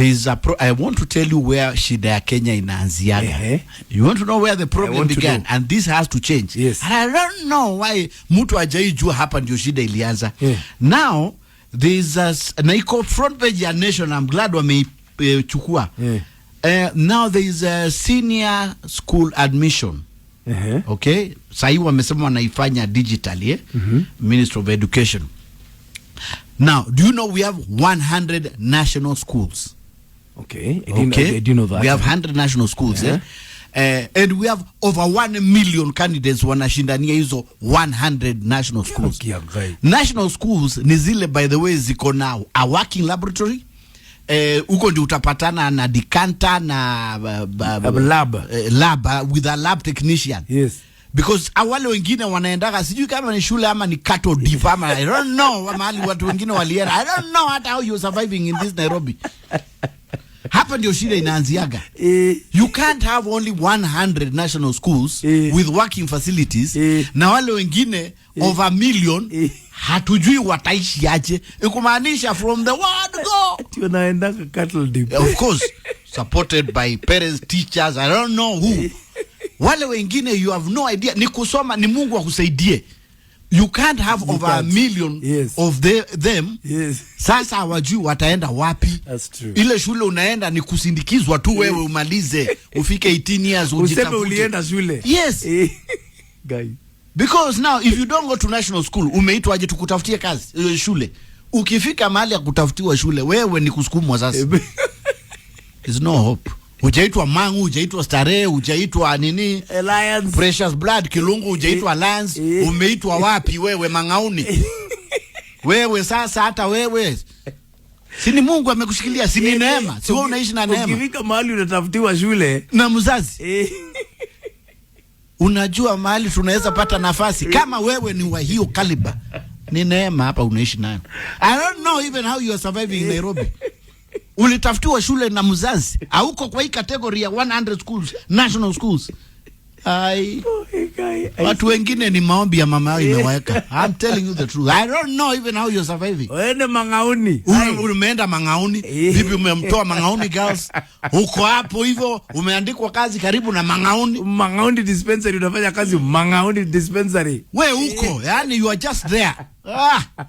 There is a pro I want to tell you where shida ya Kenya inaanziaga. Uh -huh. You want to know where the problem began and this has to change. Yes. And I don't know why mtu hajaijua hapa ndio shida ilianza. Yeah. Now there is a, na iko front page ya Nation I'm glad wameichukua. Eh, yeah. Uh, now there is a senior school admission. Uh -huh. Okay? Sasa wamesema wanaifanya digitally eh? mm-hmm. Minister of Education. Now, do you know we have 100 national schools? Okay. I eh, didn't, okay. I didn't know that. We have 100 national schools yeah. eh? Uh, and we have over 1 million candidates wanashindania hizo 100 national schools. Okay, okay. National schools ni zile by the way ziko na a working laboratory huko eh, uh, ndio utapatana na decanter na uh, uh, lab, uh, lab uh, with a lab technician. Yes because awale wengine wanaendaga sijui kama ni shule ama ni cattle dip ama I don't know mahali watu wengine walienda I don't know how you surviving in this Nairobi hapa ndio shida inaanziaga. Eh, eh you can't have only 100 national schools eh, with working facilities eh, na wale wengine eh, over million eh, hatujui wataishi aje, ikumaanisha from the word go tunaendanga cattle dip eh, of course supported by parents teachers, I don't know who eh. wale wengine you have no idea, ni kusoma, ni Mungu akusaidie You can't have you over can't. a million yes. of the, them yes. Sasa hawajui wataenda wapi. That's true. Ile shule unaenda ni kusindikizwa tu yes. wewe Umalize ufike 18 years ujitafute. Useme ulienda shule. Yes. Eh, guy. Because now if you don't go to national school umeitwa aje tukutafutie kazi uh, shule. Ukifika mahali ya kutafutiwa shule wewe ni kusukumwa sasa. Eh, There's no hope. Hujaitwa Mangu, hujaitwa Starehe, hujaitwa nini? Alliance. Precious Blood, Kilungu, hujaitwa Lance, Umeitwa wapi wewe Mangauni? Wewe sasa hata wewe si ni Mungu amekushikilia, si ni yaani, neema, si wewe unaishi na neema. Ukifika mahali unatafutiwa shule na mzazi. Unajua mahali tunaweza pata nafasi kama wewe ni wa hiyo kaliba. Ni neema hapa unaishi nayo. I don't know even how you are surviving in Nairobi ulitafutiwa shule na mzazi, auko kwa hii kategori ya 100 schools, national schools. Ai, watu wengine ni maombi ya mama yao imewaweka. I'm telling you the truth. I don't know even how you're surviving. Uende mangauni. Umeenda mangauni. Vipi umemtoa mangauni girls? Uko hapo hivyo umeandikwa kazi karibu na mangauni. Mangauni dispensary unafanya kazi mangauni dispensary. Wewe uko, yani you are just there. Ah.